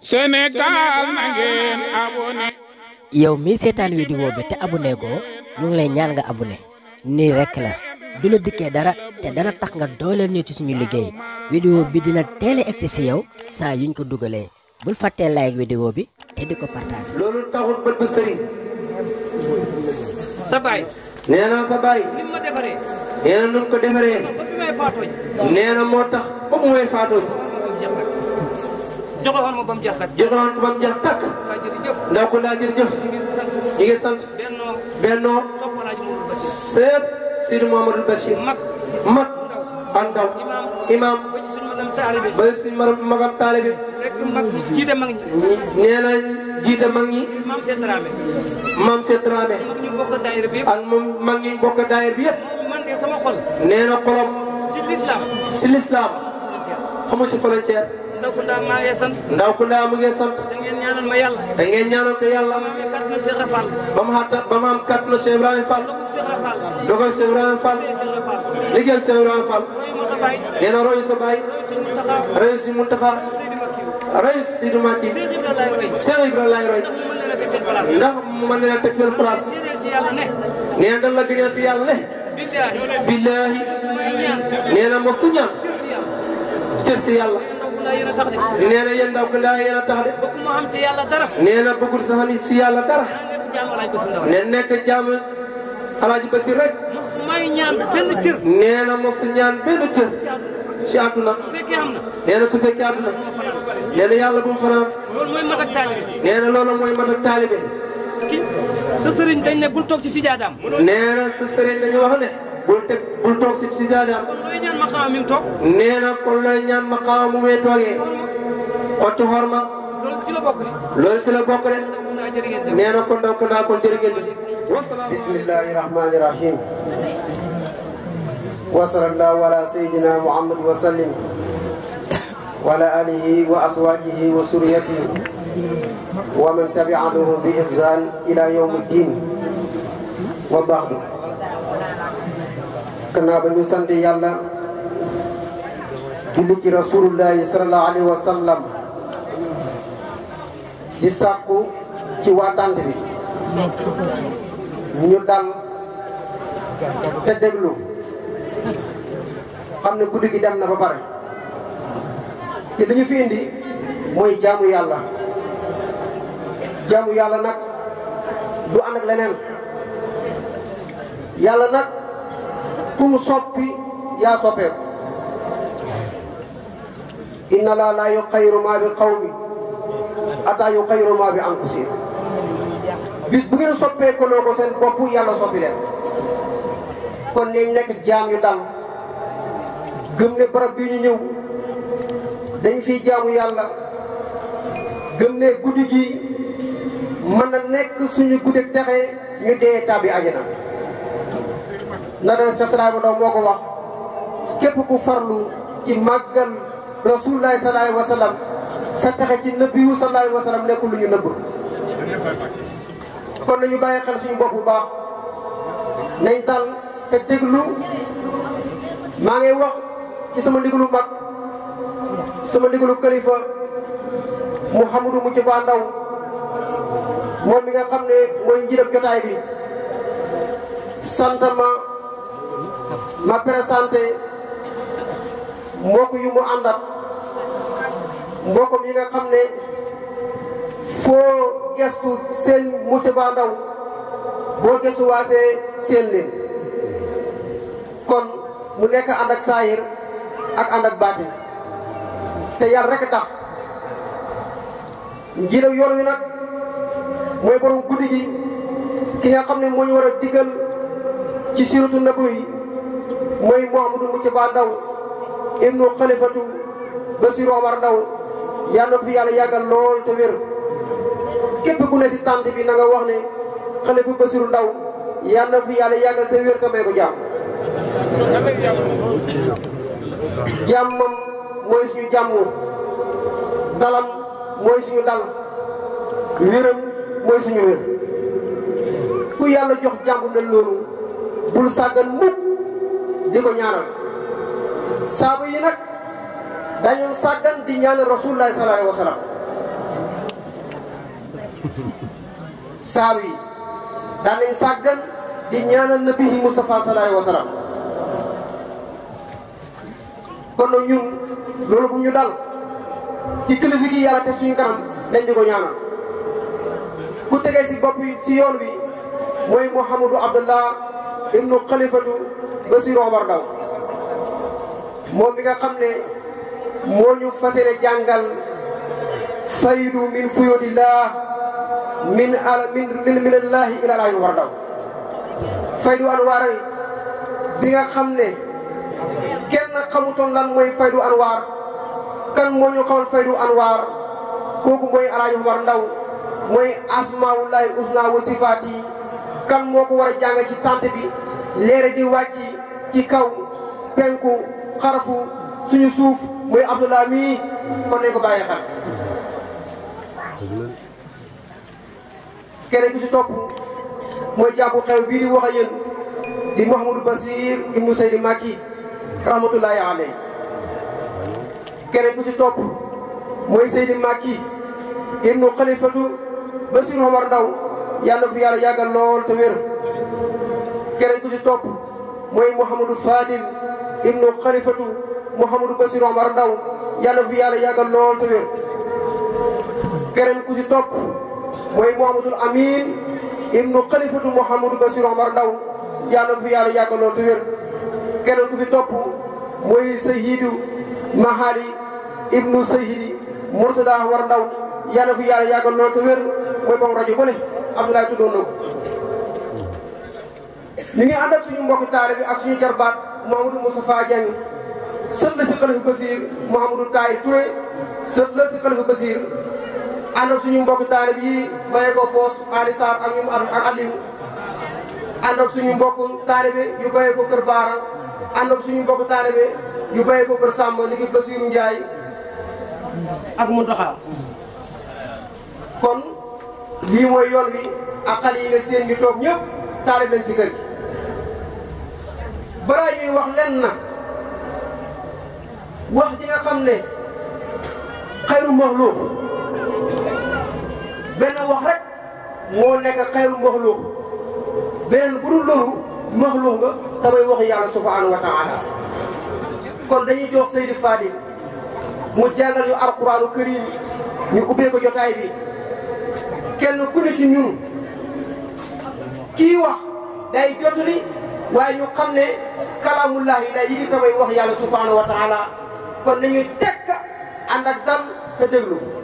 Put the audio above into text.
Sénégal na ngeen abonné yow mii seetaan vidéo bi te abonné goo ñu ngi lay ñaan nga ne nii rekk la du la dikkee dara te dana tax nga dooleel ñu ci suñu liggéey vidéo bi dina teel a egg si yow saa yuñ ko dugalee bul fàttee like vidéo bi te di ko partager. loolu taxul bët bu sëriñ. sa baay. nee sa baay. ni ma ko defaree. nee moo tax ba mu may faatoo joxe woon ma ba mu jeex tàkk. joxe woon ko ba mu jeex tàkk. ndaw ko laa jërëjëf. ñu ngi sant. bennoo bennoo. seep Sidi Mouhamadou Bachir. mag mag ak ndaw. imaam ba suñu magam taalibe bi. jiite mag ñi. nee na jiite mag ñi. maam Seet Dramé. maam Seet Dramé. ak moom mag ñi bi yëpp. nee na xolam. si lislaam. si lislaam xamu si frontière. ndaw ko ndaam maa sant ndaw mu ngi sant da ngeen ñaanal ma yalla da ngeen ñaanal ko yalla ba mu xatta ba mu am kàttanu Cheikh Ibrahima Fall dogal Cheikh Ibrahima Fall ligel Cheikh ibrahim Fall dina roy so bay baay royu si Muntaxa royu si Sidi Maki Cheikh ibrahim lay roy ndax man na tek sen place neen dal la gëna ci yalla ne billahi billahi neena mostu ñaan cër si ndaa yéen a tax de nee na yéen ndaw ko ndaa yéen a tax de bëgg mu xam ci yàlla si yàlla dara ne nekk jaam alaaji basir rek may ñaan benn cër nee na mos ñaan benn cër si àdduna nee na su fekkee àdduna nee na yàlla bu mu fanaan loolu mooy mat ak taalibe nee na loolu mooy mat taalibe sa sëriñ dañ ne bul toog ci sijaadaam maqaam mi mu toog. nee na kon looy ñaan maqaam mu may toogee. xottu la bokk nee na kon ndokk naa kon jërë ngeen jëf. bismillahi rahmaani wa sallallahu muhammad wa sallim. wa ala alihi wa aswajihi wa suriyatihi. wa man tabi'ahum bi ihsan ila yawmi julli ci rasulullahi sallallahu alayhi wa sallam di sàkku ci waa tant bi ñu dal te déglu xam ne guddi gi dem na ba pare te li ñu fi indi mooy jaamu yàlla jaamu yàlla nag du ànd ak leneen yàlla nag ku soppi yaa soppeeku inna laa laa yuxayyiru maa bi qawmin hattaa yuxayyiru maa bi anfusihim bis bu ngeen soppeeku loo ko seen bopp yàlla soppi leen kon nañ nekk jaam yu dal gëm ne barab bi ñu ñëw dañ fi jaamu yàlla gëm ne guddi gi mën na nekk suñu guddeeg texe ñu dee tàbbi àjjana na daan Seex Salaam doom moo ko wax képp ku farlu ci màggal rasulullahi sallallahu alayhi wa sa texe ci nëbbi wu sallallahu alayhi nekkul lu ñu nëbb kon nañu bàyyi xel suñu bopp bu baax nañ dal te déglu maa ngi wax ci sama ndigalu mag sama ndigalu kalifa Mouhamadou mu ci ba ndaw moom mi nga xam ne mooy njiit ak jotaay bi sant ma ma présenté mbokk yu mu àndat mbokk mi nga xam ne foo gestu seen Mouthiba Ndaw boo gestuwaatee seen leen kon mu nekk ànd ak saayir ak ànd ak baatin te yàlla rek tax njilaw yoon wi nag mooy borom guddi gi ki nga xam ne moo ñu war a diggal ci suratu nabu yi mooy Mouhamadou Mouthiba Ndaw ibnu khalifatu basiru omar ndaw yalla fi yalla yagal lol te wér kep ku ne ci tante bi nga wax ne xalifa basiru ndaw yalla fi yalla yagal te wér te may ko jam moy suñu jam dalam moy suñu dal wiram moy suñu wér ku yalla jox mel bul mu diko saaba yi nak dañu sagan di ñaan rasulullah sallallahu alaihi wasallam sallam dañu sagan di ñaan nabihi Mustafa sallallahu alaihi wasallam kon ñun lolu bu ñu dal ci kilifi gi yalla te suñu karam lañ di ko ñaanal ku tegee si ci yoon wi moy muhammadu abdullah ibnu Khalifatu basir umar Daw moo bi nga xam ne moo ñu fasene jàngal faydu min fuyudillah min al min min minallahi ila laa yu war daw faydu anwaar bi nga xam ne kenn xamutoon lan mooy faydu anwaar kan moo ñu xamal faydu anwaar kooku mooy alaaji Umar Ndaw mooy asmaawullahi usna wa kan moo ko war a jàng ci tànt bi leere di wàcc ci kaw penku xarafu suñu suuf muy Abdoulaye mii kon nañ ko bàyyi xel. keneen ki ci topp mooy jàppu xew bii di wax ak di Mouhamadou Bassir ibnu Seydi Makki rahmatullahi alayhi keneen ku ci topp mooy Seydi Makki ibnu Xalifatu Bassir Omar Ndaw yàlla fi yàlla yàggal lool te wér keneen ku ci topp mooy Mouhamadou Fadil. ibnu xalifatu Mouhamadou Bassirou Omar Ndaw yàlla fi yàlla yàggal lool te wér keneen ku ci topp mooy Mouhamadul Amin ibnu xalifatu Mouhamadou Bassirou Omar Ndaw yàlla fi yàlla yàggal lool te wér keneen ku fi topp mooy Seyidu Mahali ibnu Seyidi Mourtada Omar Ndaw yàlla fi yàlla na lool te wér mooy borom rajo bu ne Abdoulaye tuddoon na ko ñu ngi ànd ak suñu mbokk taale bi ak suñu jarbaat Mouhamadou Moustapha Diagne sët la si xalifa Basiir Mouhamadou Kaay Touré sët la si xalifa Basiir ànd ak suñu mbokk taalib yi bayee ko poos Ali ak ñu ak Aliou ak suñu mbokk taalibe yu bayee ko kër Baara ànd ak suñu mbokk taalibe yu bayee ko kër Samba ni ki Basiiru Njaay ak Muntaxa kon lii mooy yoon wi ak xale yi nga toog ñëpp taalib lañ si kër balaa ñuy wax lenn na wax ji nga xam ne xayru maxluuq benn wax rek moo nekk xayru maxluuq beneen bu dul loolu maxluuq nga tamay waxu yàlla subhaanahu wa taala kon dañuy jox Seydi Fadil mu jàngal ñu alquraanu karim ñu ubbee ko jotaay bi kenn ku ne ci ñun kii wax day jotali waaye ñu xam ne kalaamullahi la yi ngi tamay wax yàlla subhaanahu wa taala kon nañu tekk ànd ak dal te déglu